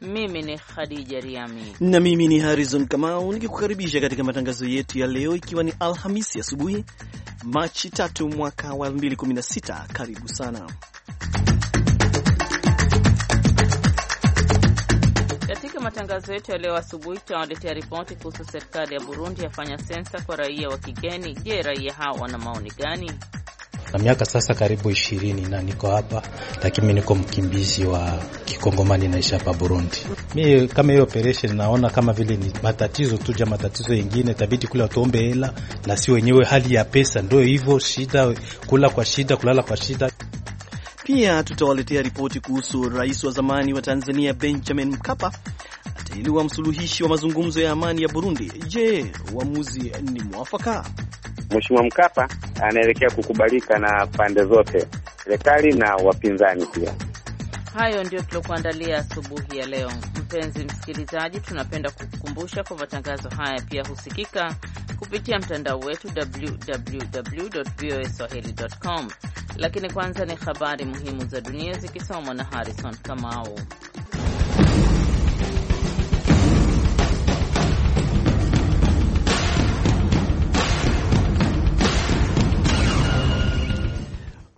mimi ni Khadija Riami na mimi ni Harrison Kamau nikikukaribisha katika matangazo yetu ya leo, ikiwa ni Alhamisi asubuhi Machi 3 mwaka wa 2016. Karibu sana katika matangazo yetu ya leo asubuhi. Tunawaletea ripoti kuhusu serikali ya Burundi yafanya sensa kwa raia wa kigeni. Je, raia hao wana maoni gani? na miaka sasa karibu ishirini na niko hapa, lakini niko mkimbizi wa Kikongomani, naishi hapa Burundi. Mi kama hiyo operation naona kama vile ni matatizo tu ja matatizo yengine, tabidi kule watuombe hela na si wenyewe, hali ya pesa ndio hivyo, shida kula kwa shida, kulala kwa shida. Pia tutawaletea ripoti kuhusu rais wa zamani wa Tanzania Benjamin Mkapa atahiliwa msuluhishi wa mazungumzo ya amani ya Burundi. Je, uamuzi ni mwafaka? Mheshimiwa Mkapa anaelekea kukubalika na pande zote, serikali na wapinzani pia. Hayo ndio tuliokuandalia asubuhi ya leo. Mpenzi msikilizaji, tunapenda kukukumbusha kwa matangazo haya pia husikika kupitia mtandao wetu www.voaswahili.com. Lakini kwanza ni habari muhimu za dunia zikisomwa na Harrison Kamau.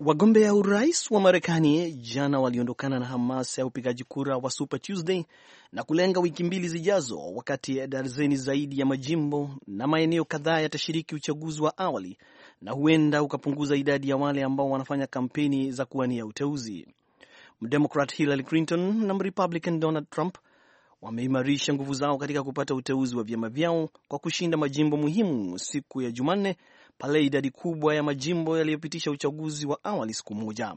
Wagombea urais wa Marekani jana waliondokana na hamasa ya upigaji kura wa Super Tuesday na kulenga wiki mbili zijazo, wakati darzeni zaidi ya majimbo na maeneo kadhaa yatashiriki uchaguzi wa awali na huenda ukapunguza idadi ya wale ambao wanafanya kampeni za kuwania uteuzi. Mdemokrat Hillary Clinton na Mrepublican Donald Trump wameimarisha nguvu zao katika kupata uteuzi wa vyama vyao kwa kushinda majimbo muhimu siku ya Jumanne pale idadi kubwa ya majimbo yaliyopitisha uchaguzi wa awali siku moja.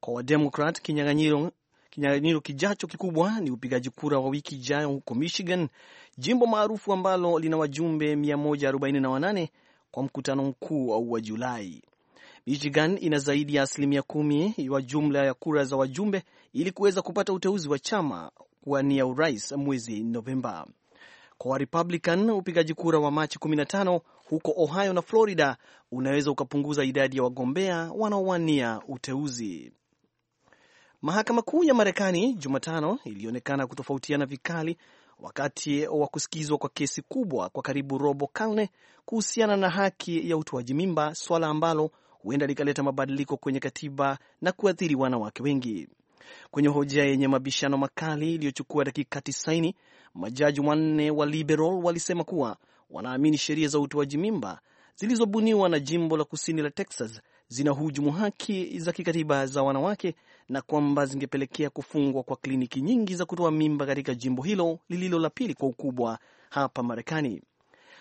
Kwa Wademokrat, kinyang'anyiro kijacho kikubwa ni upigaji kura wa wiki ijayo huko Michigan, jimbo maarufu ambalo lina wajumbe 148 kwa mkutano mkuu wa Julai. Michigan ina zaidi ya asilimia kumi wa jumla ya kura za wajumbe ili kuweza kupata uteuzi wa chama kuwania urais mwezi Novemba. Kwa Warepublican, upigaji kura wa Machi huko Ohio na Florida unaweza ukapunguza idadi ya wagombea wanaowania uteuzi. Mahakama Kuu ya Marekani Jumatano ilionekana kutofautiana vikali wakati wa kusikizwa kwa kesi kubwa kwa karibu robo karne kuhusiana na haki ya utoaji mimba, swala ambalo huenda likaleta mabadiliko kwenye katiba na kuathiri wanawake wengi. Kwenye hoja yenye mabishano makali iliyochukua dakika 90, majaji wanne wa liberal walisema kuwa wanaamini sheria za utoaji mimba zilizobuniwa na jimbo la kusini la Texas zina hujumu haki za kikatiba za wanawake na kwamba zingepelekea kufungwa kwa kliniki nyingi za kutoa mimba katika jimbo hilo lililo la pili kwa ukubwa hapa Marekani.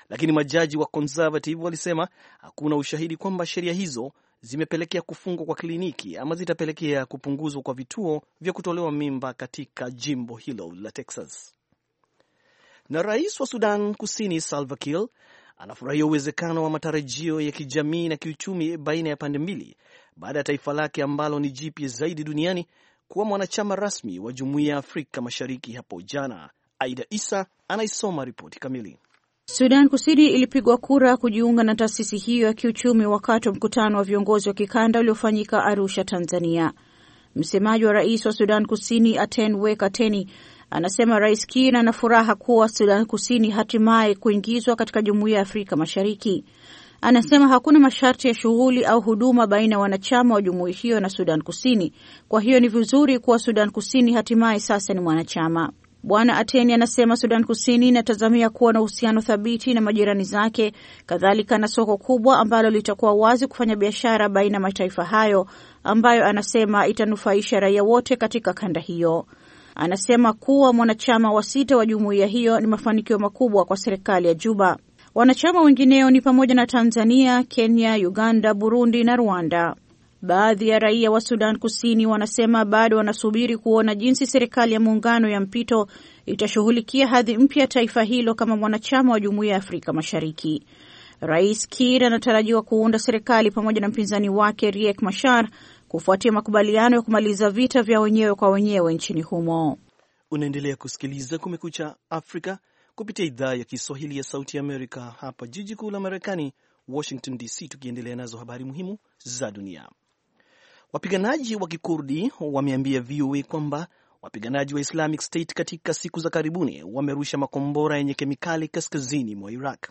Lakini majaji wa conservative walisema hakuna ushahidi kwamba sheria hizo zimepelekea kufungwa kwa kliniki ama zitapelekea kupunguzwa kwa vituo vya kutolewa mimba katika jimbo hilo la Texas na rais wa Sudan Kusini Salva Kiir anafurahia uwezekano wa matarajio ya kijamii na kiuchumi baina ya pande mbili baada ya taifa lake ambalo ni jipya zaidi duniani kuwa mwanachama rasmi wa Jumuiya ya Afrika Mashariki hapo jana. Aida Isa anaisoma ripoti kamili. Sudan Kusini ilipigwa kura kujiunga na taasisi hiyo ya kiuchumi wakati wa mkutano wa viongozi wa kikanda uliofanyika Arusha, Tanzania. Msemaji wa rais wa Sudan Kusini Aten Wek Ateni Anasema Rais Kiir ana furaha kuwa Sudan Kusini hatimaye kuingizwa katika Jumuiya ya Afrika Mashariki. Anasema hakuna masharti ya shughuli au huduma baina ya wanachama wa jumuiya hiyo na Sudan Kusini, kwa hiyo ni vizuri kuwa Sudan Kusini hatimaye sasa ni mwanachama. Bwana Ateni anasema Sudan Kusini inatazamia kuwa na uhusiano thabiti na majirani zake, kadhalika na soko kubwa ambalo litakuwa wazi kufanya biashara baina ya mataifa hayo, ambayo anasema itanufaisha raia wote katika kanda hiyo anasema kuwa mwanachama wa sita wa jumuiya hiyo ni mafanikio makubwa kwa serikali ya Juba. Wanachama wengineo ni pamoja na Tanzania, Kenya, Uganda, Burundi na Rwanda. Baadhi ya raia wa Sudan Kusini wanasema bado wanasubiri kuona jinsi serikali ya muungano ya mpito itashughulikia hadhi mpya ya taifa hilo kama mwanachama wa jumuiya ya Afrika Mashariki. Rais Kiir anatarajiwa kuunda serikali pamoja na mpinzani wake Riek Machar kufuatia makubaliano ya kumaliza vita vya wenyewe kwa wenyewe nchini humo. Unaendelea kusikiliza Kumekucha Afrika kupitia idhaa ya Kiswahili ya Sauti Amerika, hapa jiji kuu la Marekani, Washington DC, tukiendelea nazo habari muhimu za dunia. Wapiganaji wa Kikurdi wameambia VOA kwamba wapiganaji wa Islamic State katika siku za karibuni wamerusha makombora yenye kemikali kaskazini mwa Iraq.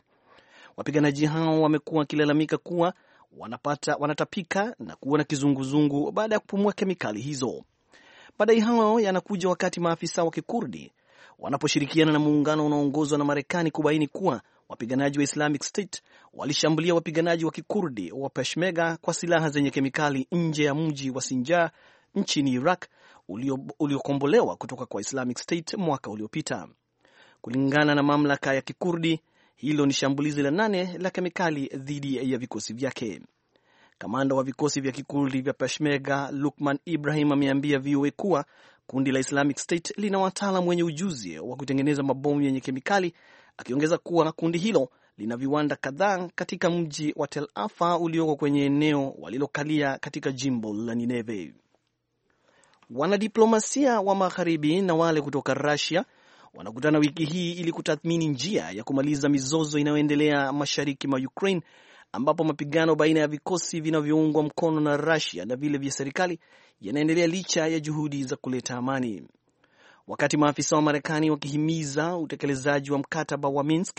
Wapiganaji hao wamekuwa wakilalamika kuwa wanapata, wanatapika na kuwa na kizunguzungu baada ya kupumua kemikali hizo. Madai hayo yanakuja wakati maafisa wa kikurdi wanaposhirikiana na muungano unaoongozwa na Marekani kubaini kuwa wapiganaji wa Islamic State walishambulia wapiganaji wa kikurdi wa Peshmerga kwa silaha zenye kemikali nje ya mji wa Sinjar nchini Iraq uliokombolewa ulio kutoka kwa Islamic State mwaka uliopita. Kulingana na mamlaka ya kikurdi, hilo ni shambulizi la nane la kemikali dhidi ya vikosi vyake. Kamanda wa vikosi vya kikundi vya Peshmerga Lukman Ibrahim ameambia VOA kuwa kundi la Islamic State lina wataalam wenye ujuzi wa kutengeneza mabomu yenye kemikali, akiongeza kuwa kundi hilo lina viwanda kadhaa katika mji wa Tel Afa ulioko kwenye eneo walilokalia katika jimbo la Nineve. Wanadiplomasia wa magharibi na wale kutoka Russia wanakutana wiki hii ili kutathmini njia ya kumaliza mizozo inayoendelea mashariki mwa Ukraine ambapo mapigano baina ya vikosi vinavyoungwa mkono na Russia na vile vya serikali yanaendelea licha ya juhudi za kuleta amani. Wakati maafisa wa Marekani wakihimiza utekelezaji wa mkataba wa Minsk,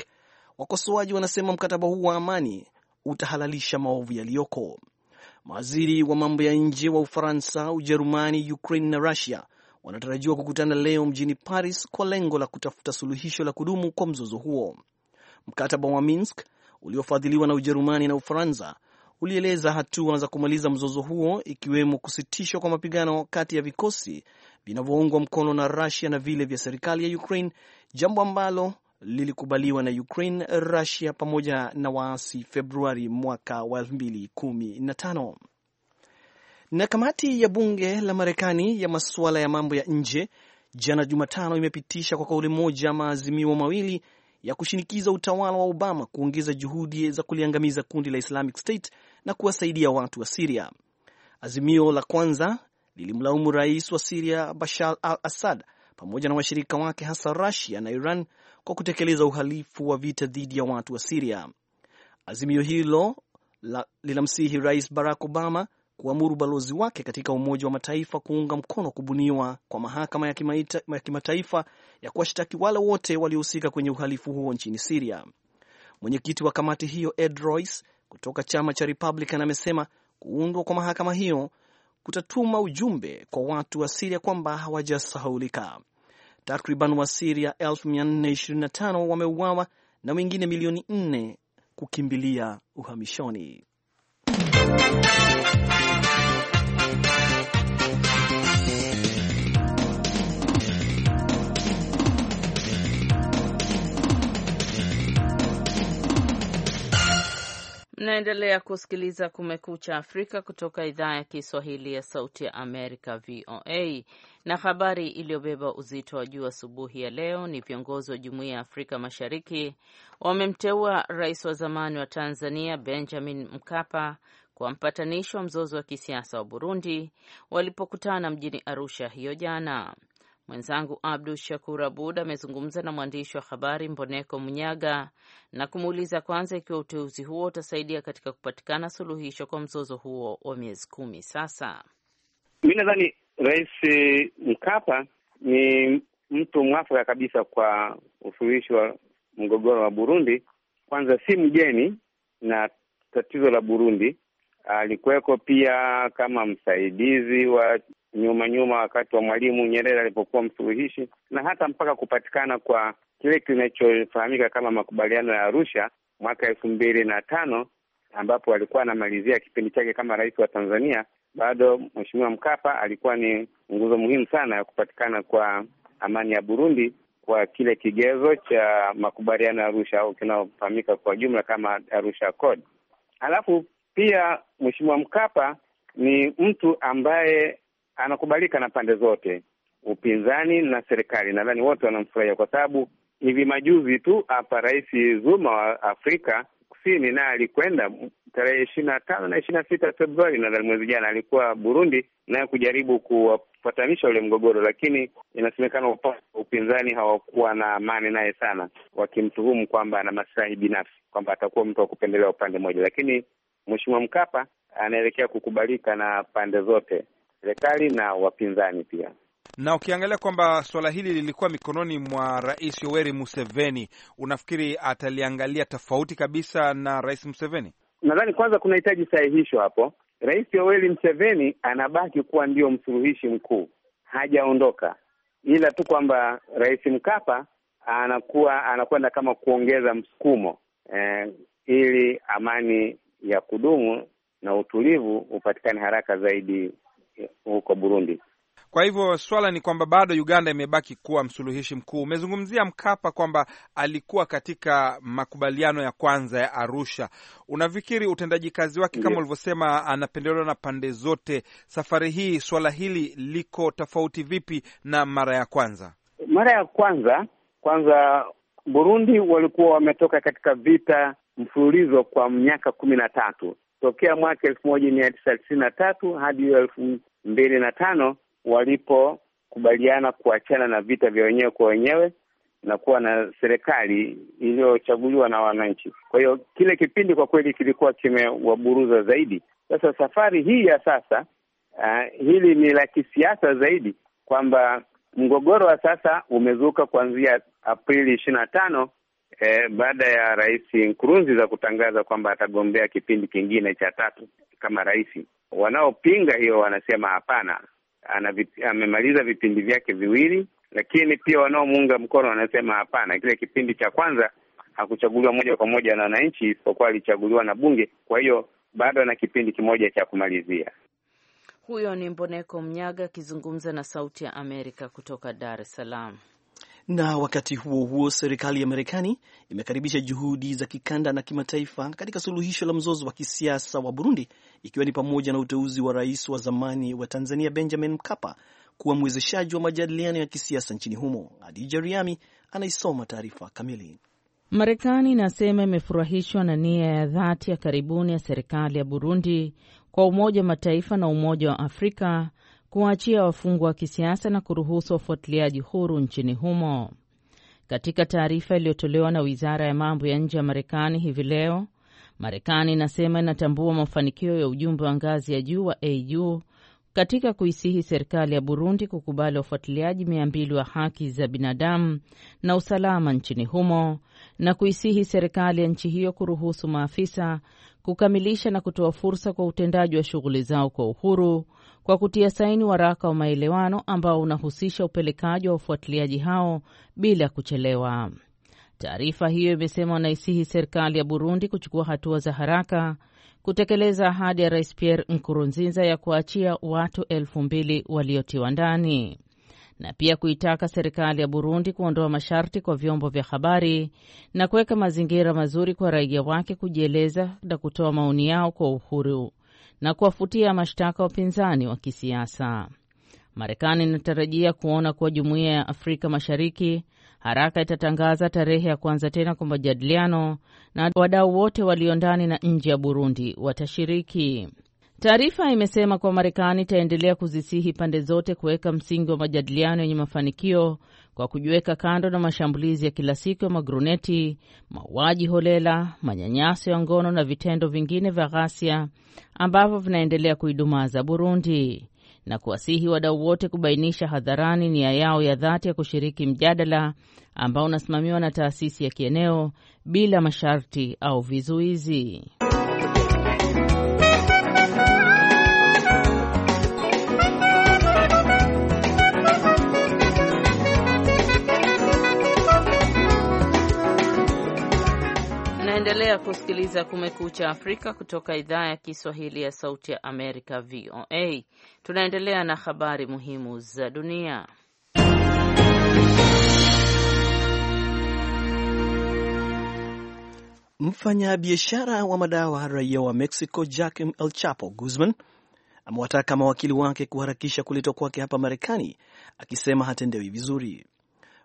wakosoaji wanasema mkataba huu wa amani utahalalisha maovu yaliyoko. Mawaziri wa mambo ya nje wa Ufaransa, Ujerumani, Ukraine na Russia wanatarajiwa kukutana leo mjini Paris kwa lengo la kutafuta suluhisho la kudumu kwa mzozo huo. Mkataba wa Minsk uliofadhiliwa na Ujerumani na Ufaransa ulieleza hatua za kumaliza mzozo huo ikiwemo kusitishwa kwa mapigano kati ya vikosi vinavyoungwa mkono na Rusia na vile vya serikali ya Ukraine, jambo ambalo lilikubaliwa na Ukraine, Rusia pamoja na waasi Februari mwaka wa 2015. Na kamati ya bunge la Marekani ya masuala ya mambo ya nje jana Jumatano imepitisha kwa kauli moja maazimio mawili ya kushinikiza utawala wa Obama kuongeza juhudi za kuliangamiza kundi la Islamic State na kuwasaidia watu wa Siria. Azimio la kwanza lilimlaumu rais wa Siria Bashar al Assad pamoja na washirika wake hasa Rusia na Iran kwa kutekeleza uhalifu wa vita dhidi ya watu wa Siria. Azimio hilo linamsihi Rais Barack Obama kuamuru balozi wake katika Umoja wa Mataifa kuunga mkono kubuniwa kwa mahakama ya kimataifa ya kuwashtaki wale wote waliohusika kwenye uhalifu huo nchini Siria. Mwenyekiti wa kamati hiyo Ed Royce kutoka chama cha Republican amesema kuundwa kwa mahakama hiyo kutatuma ujumbe kwa watu wa Siria kwamba hawajasahulika. Takriban wa siria 425 wameuawa na wengine milioni 4 kukimbilia uhamishoni. Mnaendelea kusikiliza Kumekucha Afrika kutoka idhaa ya Kiswahili ya Sauti ya Amerika, VOA. Na habari iliyobeba uzito wa juu asubuhi ya leo ni viongozi wa Jumuiya ya Afrika Mashariki wamemteua rais wa zamani wa Tanzania Benjamin Mkapa kwa mpatanishi wa mzozo wa kisiasa wa Burundi walipokutana mjini Arusha hiyo jana. Mwenzangu Abdu Shakur Abud amezungumza na mwandishi wa habari Mboneko Mnyaga na kumuuliza kwanza ikiwa uteuzi huo utasaidia katika kupatikana suluhisho kwa mzozo huo wa miezi kumi sasa. Mi nadhani Rais Mkapa ni mtu mwafaka kabisa kwa usuluhishi wa mgogoro wa Burundi. Kwanza si mgeni na tatizo la Burundi, alikuweko pia kama msaidizi wa nyuma nyuma, wakati wa Mwalimu Nyerere alipokuwa msuluhishi na hata mpaka kupatikana kwa kile kinachofahamika kama makubaliano ya Arusha mwaka elfu mbili na tano ambapo alikuwa anamalizia kipindi chake kama rais wa Tanzania. Bado Mheshimiwa Mkapa alikuwa ni nguzo muhimu sana ya kupatikana kwa amani ya Burundi kwa kile kigezo cha makubaliano ya Arusha au kinaofahamika kwa jumla kama Arusha Code. Alafu pia Mheshimiwa Mkapa ni mtu ambaye anakubalika na pande zote, upinzani na serikali. Nadhani wote wanamfurahia kwa sababu hivi majuzi tu hapa Rais Zuma wa Afrika Kusini naye alikwenda tarehe ishirini na tano na ishirini na sita Februari, nadhani mwezi jana, alikuwa Burundi naye kujaribu kuwapatanisha ule mgogoro, lakini inasemekana upande wa upinzani hawakuwa na amani naye sana, wakimtuhumu kwamba ana masilahi binafsi, kwamba atakuwa mtu wa kupendelea upande mmoja. Lakini Mheshimiwa Mkapa anaelekea kukubalika na pande zote serikali na wapinzani pia na ukiangalia kwamba suala hili lilikuwa mikononi mwa Rais Yoweri Museveni, unafikiri ataliangalia tofauti kabisa na Rais Museveni? Nadhani kwanza kuna hitaji sahihisho hapo. Rais Yoweri Museveni anabaki kuwa ndio msuluhishi mkuu, hajaondoka, ila tu kwamba Rais Mkapa anakuwa anakwenda kama kuongeza msukumo eh, ili amani ya kudumu na utulivu upatikane haraka zaidi huko Burundi. Kwa hivyo swala ni kwamba bado Uganda imebaki kuwa msuluhishi mkuu. Umezungumzia Mkapa kwamba alikuwa katika makubaliano ya kwanza ya Arusha. Unafikiri utendaji kazi wake kama ulivyosema, anapendelewa na pande zote, safari hii swala hili liko tofauti vipi na mara ya kwanza? Mara ya kwanza kwanza, Burundi walikuwa wametoka katika vita mfululizo kwa miaka kumi na tatu tokea mwaka elfu moja mia tisa tisini na tatu hadi hiyo elfu mbili na tano walipokubaliana kuachana na vita vya wenyewe kwa wenyewe na kuwa na serikali iliyochaguliwa na wananchi. Kwa hiyo kile kipindi kwa kweli kilikuwa kimewaburuza zaidi. Sasa safari hii ya sasa, uh, hili ni la kisiasa zaidi, kwamba mgogoro wa sasa umezuka kuanzia Aprili ishirini na tano eh, baada ya Rais Nkurunziza kutangaza kwamba atagombea kipindi kingine cha tatu kama rais, wanaopinga hiyo wanasema hapana, amemaliza vipindi vyake viwili, lakini pia wanaomuunga mkono wanasema hapana, kile kipindi cha kwanza hakuchaguliwa moja kwa moja na wananchi, isipokuwa alichaguliwa na bunge. Kwa hiyo bado ana kipindi kimoja cha kumalizia. Huyo ni Mboneko Mnyaga akizungumza na Sauti ya Amerika kutoka Dar es Salaam. Na wakati huo huo, serikali ya Marekani imekaribisha juhudi za kikanda na kimataifa katika suluhisho la mzozo wa kisiasa wa Burundi, ikiwa ni pamoja na uteuzi wa rais wa zamani wa Tanzania Benjamin Mkapa kuwa mwezeshaji wa majadiliano ya kisiasa nchini humo. Adija Riami anaisoma taarifa kamili. Marekani inasema imefurahishwa na nia ya dhati ya karibuni ya serikali ya Burundi kwa Umoja wa Mataifa na Umoja wa Afrika kuwaachia wafungwa wa kisiasa na kuruhusu wafuatiliaji huru nchini humo. Katika taarifa iliyotolewa na wizara ya mambo ya nje ya Marekani hivi leo, Marekani inasema inatambua mafanikio ya ujumbe wa ngazi ya juu wa AU katika kuisihi serikali ya Burundi kukubali wafuatiliaji mia mbili wa haki za binadamu na usalama nchini humo na kuisihi serikali ya nchi hiyo kuruhusu maafisa kukamilisha na kutoa fursa kwa utendaji wa shughuli zao kwa uhuru kwa kutia saini waraka wa maelewano ambao unahusisha upelekaji wa wafuatiliaji hao bila kuchelewa. Taarifa hiyo imesema wanaisihi serikali ya Burundi kuchukua hatua za haraka kutekeleza ahadi ya Rais Pierre Nkurunziza ya kuachia watu elfu mbili waliotiwa ndani na pia kuitaka serikali ya Burundi kuondoa masharti kwa vyombo vya habari na kuweka mazingira mazuri kwa raia wake kujieleza na kutoa maoni yao kwa uhuru na kuwafutia mashtaka wapinzani wa kisiasa. Marekani inatarajia kuona kuwa jumuiya ya Afrika Mashariki haraka itatangaza tarehe ya kuanza tena kwa majadiliano na wadau wote walio ndani na nje ya Burundi watashiriki. Taarifa imesema kuwa Marekani itaendelea kuzisihi pande zote kuweka msingi wa majadiliano yenye mafanikio kwa kujiweka kando na mashambulizi ya kila siku ya magruneti, mauaji holela, manyanyaso ya ngono na vitendo vingine vya ghasia ambavyo vinaendelea kuidumaza Burundi na kuwasihi wadau wote kubainisha hadharani nia yao ya dhati ya kushiriki mjadala ambao unasimamiwa na taasisi ya kieneo bila masharti au vizuizi. Unaendelea kusikiliza Kumekucha Afrika kutoka idhaa ya Kiswahili ya Sauti ya Amerika, VOA. Tunaendelea na habari muhimu za dunia. Mfanyabiashara wa madawa raia wa Mexico Joaquin El Chapo Guzman amewataka mawakili wake kuharakisha kuletwa kwake hapa Marekani, akisema hatendewi vizuri.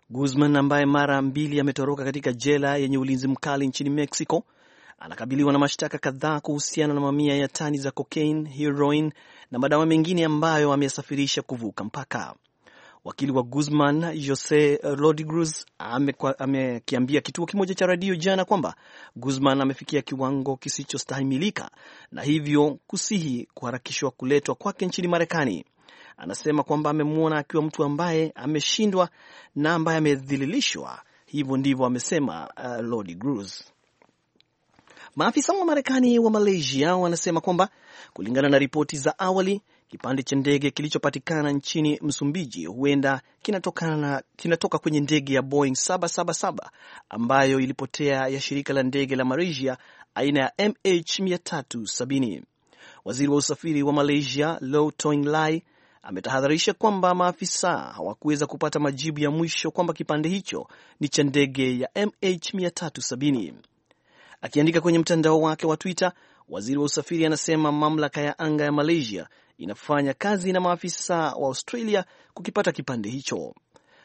Guzman ambaye mara mbili ametoroka katika jela yenye ulinzi mkali nchini Mexico anakabiliwa na mashtaka kadhaa kuhusiana na mamia ya tani za cocaine, heroin na madawa mengine ambayo ameyasafirisha kuvuka mpaka. Wakili wa Guzman Jose Rodriguez amekiambia kituo kimoja cha redio jana kwamba Guzman amefikia kiwango kisichostahimilika na hivyo kusihi kuharakishwa kuletwa kwake nchini Marekani. Anasema kwamba amemwona akiwa mtu ambaye ameshindwa na ambaye amedhililishwa. Hivyo ndivyo amesema uh, Rodriguez. Maafisa wa Marekani wa Malaysia wanasema kwamba kulingana na ripoti za awali, kipande cha ndege kilichopatikana nchini Msumbiji huenda kinatokana, kinatoka kwenye ndege ya Boeing 777 ambayo ilipotea ya shirika la ndege la Malaysia aina ya MH370. Waziri wa usafiri wa Malaysia Low Toing Lai ametahadharisha kwamba maafisa hawakuweza kupata majibu ya mwisho kwamba kipande hicho ni cha ndege ya MH370. Akiandika kwenye mtandao wake wa Twitter, waziri wa usafiri anasema mamlaka ya anga ya Malaysia inafanya kazi na maafisa wa Australia kukipata kipande hicho.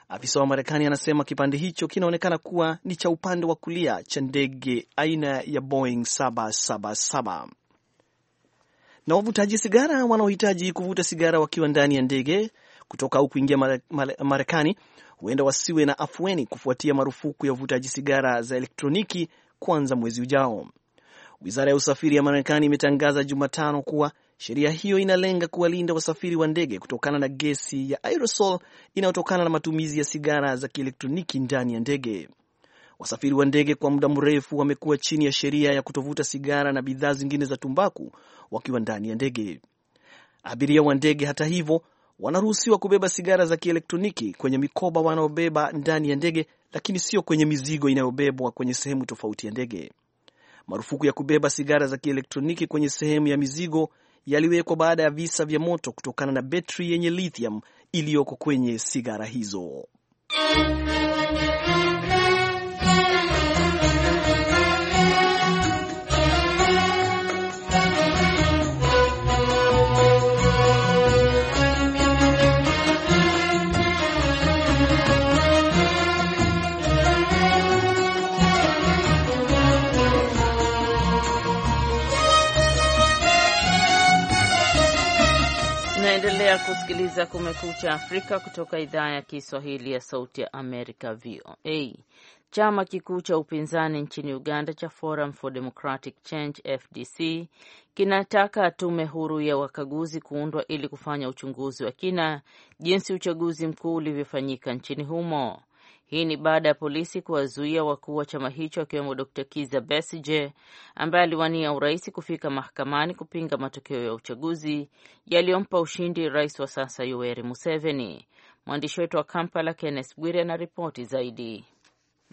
Afisa wa Marekani anasema kipande hicho kinaonekana kuwa ni cha upande wa kulia cha ndege aina ya Boeing 777. Na wavutaji sigara wanaohitaji kuvuta sigara wakiwa ndani ya ndege kutoka au kuingia Marekani huenda wasiwe na afueni kufuatia marufuku ya uvutaji sigara za elektroniki kwanza mwezi ujao. Wizara ya usafiri ya Marekani imetangaza Jumatano kuwa sheria hiyo inalenga kuwalinda wasafiri wa ndege kutokana na gesi ya aerosol inayotokana na matumizi ya sigara za kielektroniki ndani ya ndege. Wasafiri wa ndege kwa muda mrefu wamekuwa chini ya sheria ya kutovuta sigara na bidhaa zingine za tumbaku wakiwa ndani ya ndege. Abiria wa ndege, hata hivyo, wanaruhusiwa kubeba sigara za kielektroniki kwenye mikoba wanaobeba ndani ya ndege, lakini sio kwenye mizigo inayobebwa kwenye sehemu tofauti ya ndege. Marufuku ya kubeba sigara za kielektroniki kwenye sehemu ya mizigo yaliwekwa baada ya visa vya moto kutokana na betri yenye lithium iliyoko kwenye sigara hizo. Mnaendelea kusikiliza Kumekucha Afrika kutoka idhaa ya Kiswahili ya Sauti ya Amerika, VOA. Chama kikuu cha upinzani nchini Uganda cha Forum for Democratic Change, FDC, kinataka tume huru ya wakaguzi kuundwa ili kufanya uchunguzi wa kina jinsi uchaguzi mkuu ulivyofanyika nchini humo. Hii ni baada ya polisi kuwazuia wakuu wa chama hicho akiwemo Dr Kiza Besige ambaye aliwania urais kufika mahakamani kupinga matokeo ya uchaguzi yaliyompa ushindi rais wa sasa Yoweri Museveni. Mwandishi wetu wa Kampala, Kenneth Bwire, ana ripoti zaidi.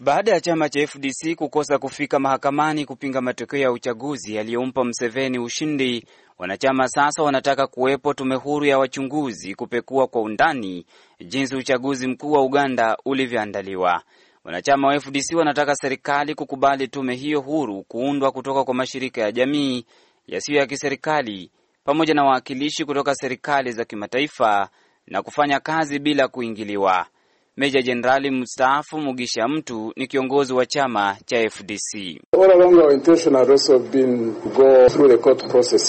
Baada ya chama cha FDC kukosa kufika mahakamani kupinga matokeo ya uchaguzi yaliyompa Mseveni ushindi, wanachama sasa wanataka kuwepo tume huru ya wachunguzi kupekua kwa undani jinsi uchaguzi mkuu wa Uganda ulivyoandaliwa. Wanachama wa FDC wanataka serikali kukubali tume hiyo huru kuundwa kutoka kwa mashirika ya jamii yasiyo ya kiserikali pamoja na wawakilishi kutoka serikali za kimataifa na kufanya kazi bila kuingiliwa. Meja Jenerali mstaafu Mugisha Mtu ni kiongozi wa chama cha FDC.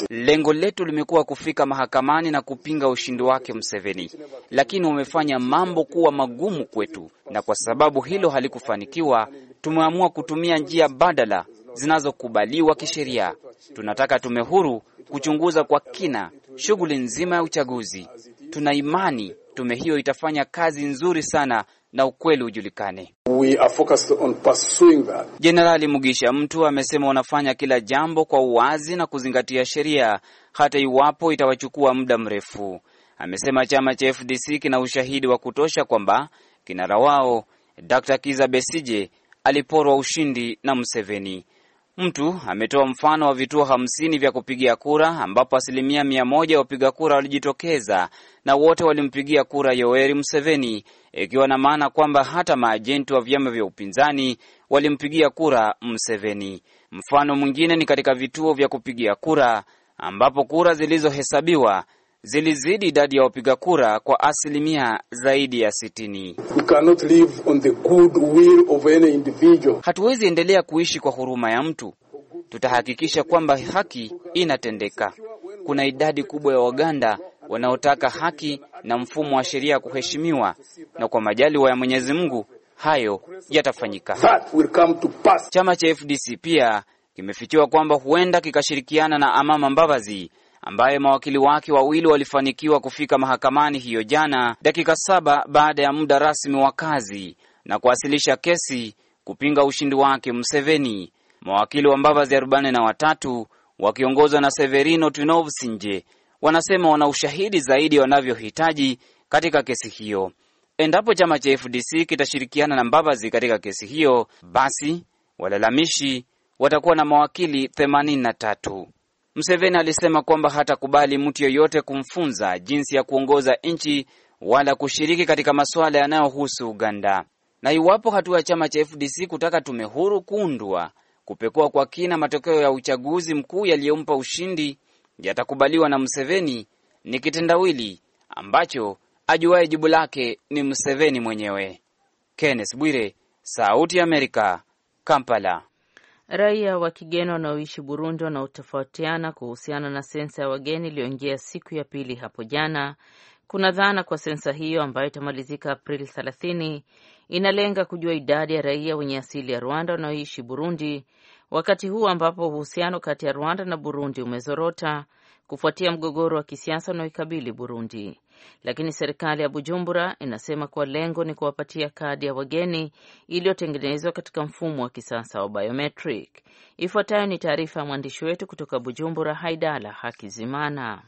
Lengo letu limekuwa kufika mahakamani na kupinga ushindi wake Museveni, lakini wamefanya mambo kuwa magumu kwetu, na kwa sababu hilo halikufanikiwa, tumeamua kutumia njia badala zinazokubaliwa kisheria. Tunataka tume huru kuchunguza kwa kina shughuli nzima ya uchaguzi. Tuna imani tume hiyo itafanya kazi nzuri sana na ukweli ujulikane. Jenerali Mugisha Mtu amesema wanafanya kila jambo kwa uwazi na kuzingatia sheria, hata iwapo itawachukua muda mrefu. Amesema chama cha FDC kina ushahidi wa kutosha kwamba kinara wao Dr. Kiza Besije aliporwa ushindi na Museveni. Mtu ametoa mfano wa vituo hamsini vya kupigia kura ambapo asilimia mia moja wapiga kura walijitokeza na wote walimpigia kura Yoweri Museveni, ikiwa na maana kwamba hata maajenti wa vyama vya upinzani walimpigia kura Museveni. Mfano mwingine ni katika vituo vya kupigia kura ambapo kura zilizohesabiwa zilizidi idadi ya wapiga kura kwa asilimia zaidi ya sitini. Hatuwezi endelea kuishi kwa huruma ya mtu, tutahakikisha kwamba haki inatendeka. Kuna idadi kubwa ya Waganda wanaotaka haki na mfumo wa sheria kuheshimiwa, na kwa majaliwa ya Mwenyezi Mungu hayo yatafanyika. Chama cha FDC pia kimefichua kwamba huenda kikashirikiana na Amama Mbabazi ambaye mawakili wake wawili walifanikiwa kufika mahakamani hiyo jana, dakika saba baada ya muda rasmi wa kazi na kuwasilisha kesi kupinga ushindi wake mseveni Mawakili wa Mbavazi 43 wakiongozwa na Severino Tunovsinje wanasema wana ushahidi zaidi wanavyohitaji katika kesi hiyo. Endapo chama cha FDC kitashirikiana na Mbavazi katika kesi hiyo, basi walalamishi watakuwa na mawakili 83 mseveni alisema kwamba hatakubali mtu yeyote kumfunza jinsi ya kuongoza nchi wala kushiriki katika masuala yanayohusu Uganda. Na iwapo hatua ya chama cha FDC kutaka tume huru kuundwa kupekua kwa kina matokeo ya uchaguzi mkuu yaliyompa ushindi yatakubaliwa na mseveni ni kitendawili ambacho ajuaye jibu lake ni mseveni mwenyewe. Kenneth Bwire, Sauti ya Amerika, Kampala. Raia wa kigeni wanaoishi Burundi wanaotofautiana kuhusiana na sensa ya wageni iliyoingia siku ya pili hapo jana. Kuna dhana kwa sensa hiyo ambayo itamalizika Aprili 30 inalenga kujua idadi ya raia wenye asili ya Rwanda wanaoishi Burundi wakati huu ambapo uhusiano kati ya Rwanda na Burundi umezorota kufuatia mgogoro wa kisiasa unaoikabili Burundi. Lakini serikali ya Bujumbura inasema kuwa lengo ni kuwapatia kadi ya wageni iliyotengenezwa katika mfumo wa kisasa wa biometric. Ifuatayo ni taarifa ya mwandishi wetu kutoka Bujumbura, Haidala Hakizimana.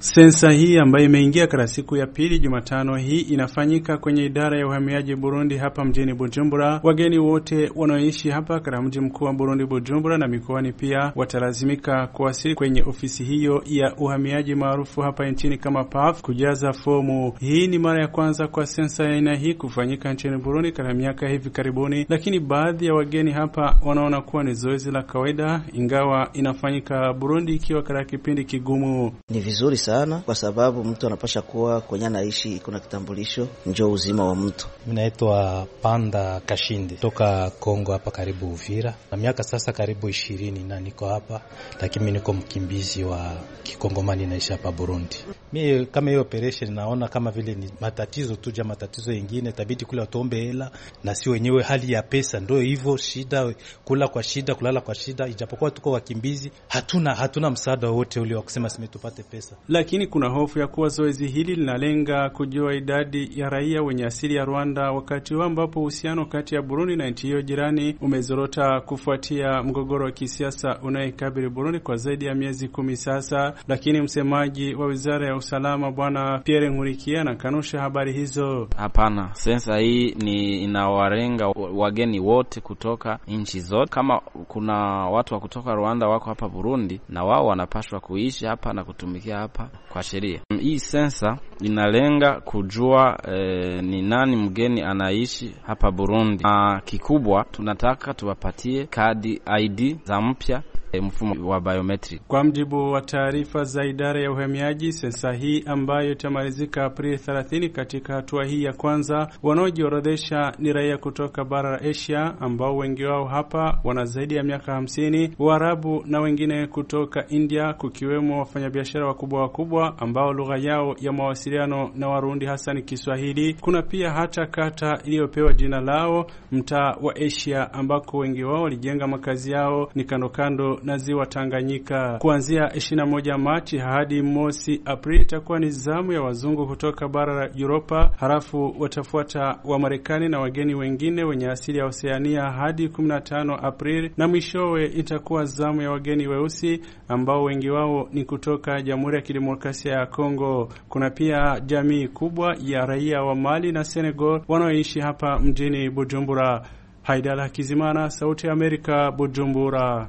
Sensa hii ambayo imeingia katika siku ya pili Jumatano hii inafanyika kwenye idara ya uhamiaji Burundi hapa mjini Bujumbura. Wageni wote wanaoishi hapa katika mji mkuu wa Burundi, Bujumbura, na mikoani pia watalazimika kuwasili kwenye ofisi hiyo ya uhamiaji maarufu hapa nchini kama PAF kujaza fomu. Hii ni mara ya kwanza kwa sensa ya aina hii kufanyika nchini Burundi katika miaka hivi karibuni, lakini baadhi ya wageni hapa wanaona kuwa ni zoezi la kawaida, ingawa inafanyika Burundi ikiwa katika kipindi kigumu. Ni vizuri sana, kwa sababu mtu anapasha kuwa kwenye anaishi iko na kitambulisho, njo uzima wa mtu. Mimi naitwa Panda Kashindi toka Kongo hapa karibu Uvira, na miaka sasa karibu ishirini na niko hapa, lakini niko mkimbizi wa kikongomani naishi hapa Burundi mi kama hiyo operation naona kama vile ni matatizo tu ja matatizo yengine, tabidi kula tuombe hela na si wenyewe, hali ya pesa ndio hivyo, shida kula kwa shida, kulala kwa shida. Ijapokuwa tuko wakimbizi, hatuna hatuna msaada wowote ule wa kusema sime tupate pesa, lakini kuna hofu ya kuwa zoezi hili linalenga kujua idadi ya raia wenye asili ya Rwanda, wakati huo ambapo uhusiano kati ya Burundi na nchi hiyo jirani umezorota kufuatia mgogoro wa kisiasa unaikabili Burundi kwa zaidi ya miezi kumi sasa, lakini msemaji wa wizara ya usalama bwana Pierre Nkurikiye anakanusha habari hizo. Hapana, sensa hii ni inawalenga wageni wote kutoka nchi zote. Kama kuna watu wa kutoka Rwanda wako hapa Burundi, na wao wanapashwa kuishi hapa na kutumikia hapa kwa sheria. Hii sensa inalenga kujua eh, ni nani mgeni anaishi hapa Burundi, na kikubwa tunataka tuwapatie kadi ID za mpya E, mfumo wa biometric. Kwa mjibu wa taarifa za idara ya uhamiaji, sensa hii ambayo itamalizika Aprili 30, katika hatua hii ya kwanza wanaojiorodhesha ni raia kutoka bara la Asia ambao wengi wao hapa wana zaidi ya miaka 50, Waarabu na wengine kutoka India, kukiwemo wafanyabiashara wakubwa wakubwa ambao lugha yao ya mawasiliano na Warundi hasa ni Kiswahili. Kuna pia hata kata iliyopewa jina lao, mtaa wa Asia, ambako wengi wao walijenga makazi yao ni kando kando na ziwa Tanganyika. Kuanzia 21 Machi hadi mosi Aprili itakuwa ni zamu ya wazungu kutoka bara la Uropa, halafu watafuata Wamarekani na wageni wengine wenye asili ya Oseania hadi 15 Aprili, na mwishowe itakuwa zamu ya wageni weusi ambao wengi wao ni kutoka Jamhuri ya Kidemokrasia ya Kongo. Kuna pia jamii kubwa ya raia wa Mali na Senegal wanaoishi hapa mjini Bujumbura. Haidala Kizimana, Sauti ya Amerika, Bujumbura.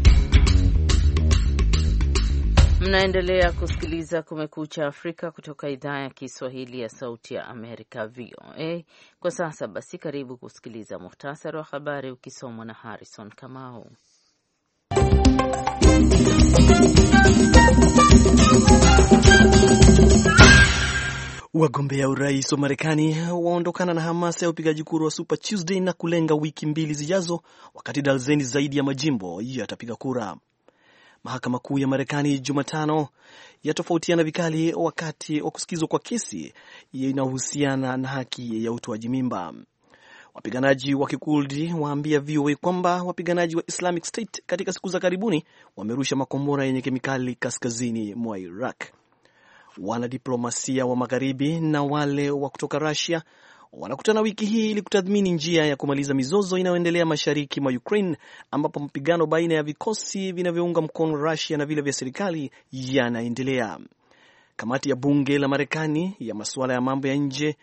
Mnaendelea kusikiliza Kumekucha Afrika kutoka idhaa ya Kiswahili ya Sauti ya Amerika, VOA. Kwa sasa basi, karibu kusikiliza muhtasari wa habari ukisomwa na Harrison Kamau. Wagombea urais wa Marekani waondokana na hamasa ya upigaji kura wa Super Tuesday na kulenga wiki mbili zijazo, wakati darzeni zaidi ya majimbo yatapiga kura. Mahakama Kuu ya Marekani Jumatano yatofautiana vikali wakati wa kusikizwa kwa kesi inayohusiana na haki ya utoaji mimba. Wapiganaji wa Kikurdi waambia VOA kwamba wapiganaji wa Islamic State katika siku za karibuni wamerusha makombora yenye kemikali kaskazini mwa Iraq. Wanadiplomasia wa Magharibi na wale wa kutoka rusia wanakutana wiki hii ili kutathmini njia ya kumaliza mizozo inayoendelea mashariki mwa Ukraine, ambapo mapigano baina ya vikosi vinavyounga mkono rasia na vile vya serikali yanaendelea. Kamati ya bunge la Marekani ya masuala ya mambo ya nje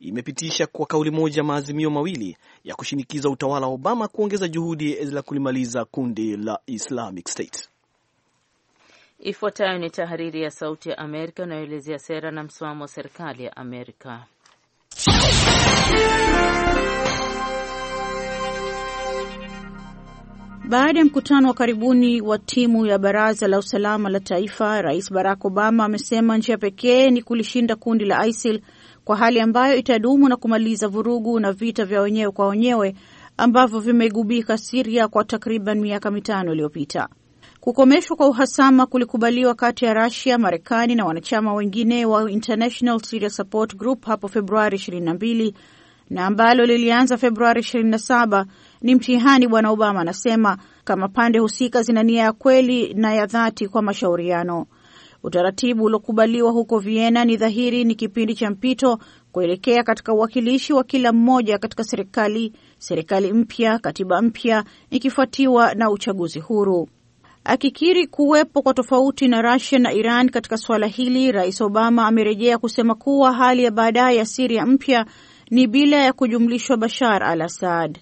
imepitisha kwa kauli moja maazimio mawili ya kushinikiza utawala wa Obama kuongeza juhudi za kulimaliza kundi la Islamic State. Ifuatayo ni tahariri ya Sauti ya Amerika inayoelezea sera na msimamo wa serikali ya Amerika. Baada ya mkutano wa karibuni wa timu ya Baraza la Usalama la Taifa, Rais Barack Obama amesema njia pekee ni kulishinda kundi la ISIL kwa hali ambayo itadumu na kumaliza vurugu na vita vya wenyewe kwa wenyewe ambavyo vimegubika Siria kwa takriban miaka mitano iliyopita. Kukomeshwa kwa uhasama kulikubaliwa kati ya Rasia, Marekani na wanachama wengine wa International Syria Support Group hapo Februari 22 na ambalo lilianza Februari 27 ni mtihani, Bwana Obama anasema, kama pande husika zina nia ya kweli na ya dhati kwa mashauriano. Utaratibu uliokubaliwa huko Vienna ni dhahiri ni kipindi cha mpito kuelekea katika uwakilishi wa kila mmoja katika serikali, serikali mpya, katiba mpya, ikifuatiwa na uchaguzi huru. Akikiri kuwepo kwa tofauti na Rusia na Iran katika suala hili, Rais Obama amerejea kusema kuwa hali ya baadaye ya Siria mpya ni bila ya kujumlishwa Bashar al Assad.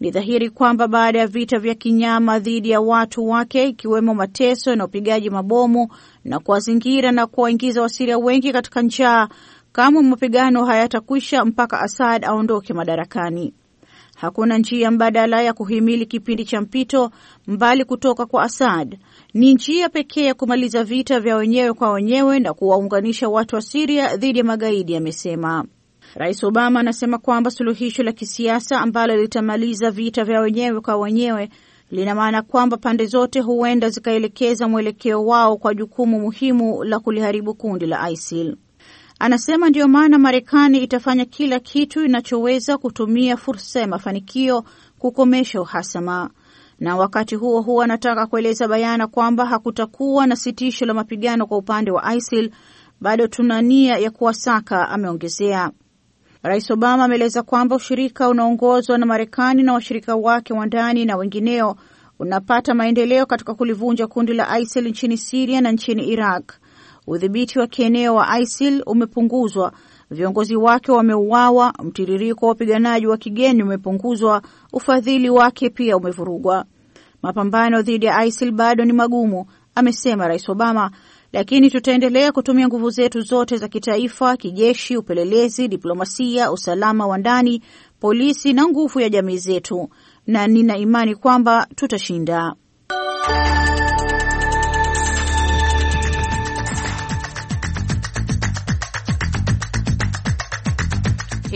Ni dhahiri kwamba baada ya vita vya kinyama dhidi ya watu wake, ikiwemo mateso na upigaji mabomu na kuwazingira na kuwaingiza Wasiria wengi katika njaa, kamwe mapigano hayatakwisha mpaka Assad aondoke madarakani. Hakuna njia mbadala ya kuhimili kipindi cha mpito mbali kutoka kwa Asad. Ni njia pekee ya kumaliza vita vya wenyewe kwa wenyewe na kuwaunganisha watu wa Siria dhidi ya magaidi, amesema. Rais Obama anasema kwamba suluhisho la kisiasa ambalo litamaliza vita vya wenyewe kwa wenyewe lina maana kwamba pande zote huenda zikaelekeza mwelekeo wao kwa jukumu muhimu la kuliharibu kundi la ISIL. Anasema ndiyo maana Marekani itafanya kila kitu inachoweza kutumia fursa ya mafanikio kukomesha uhasama, na wakati huo huo anataka kueleza bayana kwamba hakutakuwa na sitisho la mapigano kwa upande wa ISIL, bado tuna nia ya kuwasaka, ameongezea. Rais Obama ameeleza kwamba ushirika unaongozwa na Marekani na washirika wake wa ndani na wengineo unapata maendeleo katika kulivunja kundi la ISIL nchini Siria na nchini Iraq. Udhibiti wa kieneo wa ISIL umepunguzwa, viongozi wake wameuawa, mtiririko wa wapiganaji wa kigeni umepunguzwa, ufadhili wake pia umevurugwa. Mapambano dhidi ya ISIL bado ni magumu, amesema Rais Obama, lakini tutaendelea kutumia nguvu zetu zote za kitaifa, kijeshi, upelelezi, diplomasia, usalama wa ndani, polisi na nguvu ya jamii zetu, na nina imani kwamba tutashinda.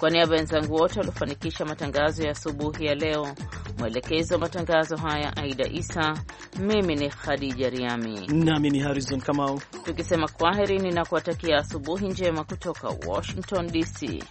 Kwa niaba ya wenzangu wote waliofanikisha matangazo ya asubuhi ya leo, mwelekezi wa matangazo haya Aida Isa, mimi ni Khadija Riami nami ni Harrison Kamau, tukisema kwaheri kuwatakia asubuhi njema kutoka Washington DC.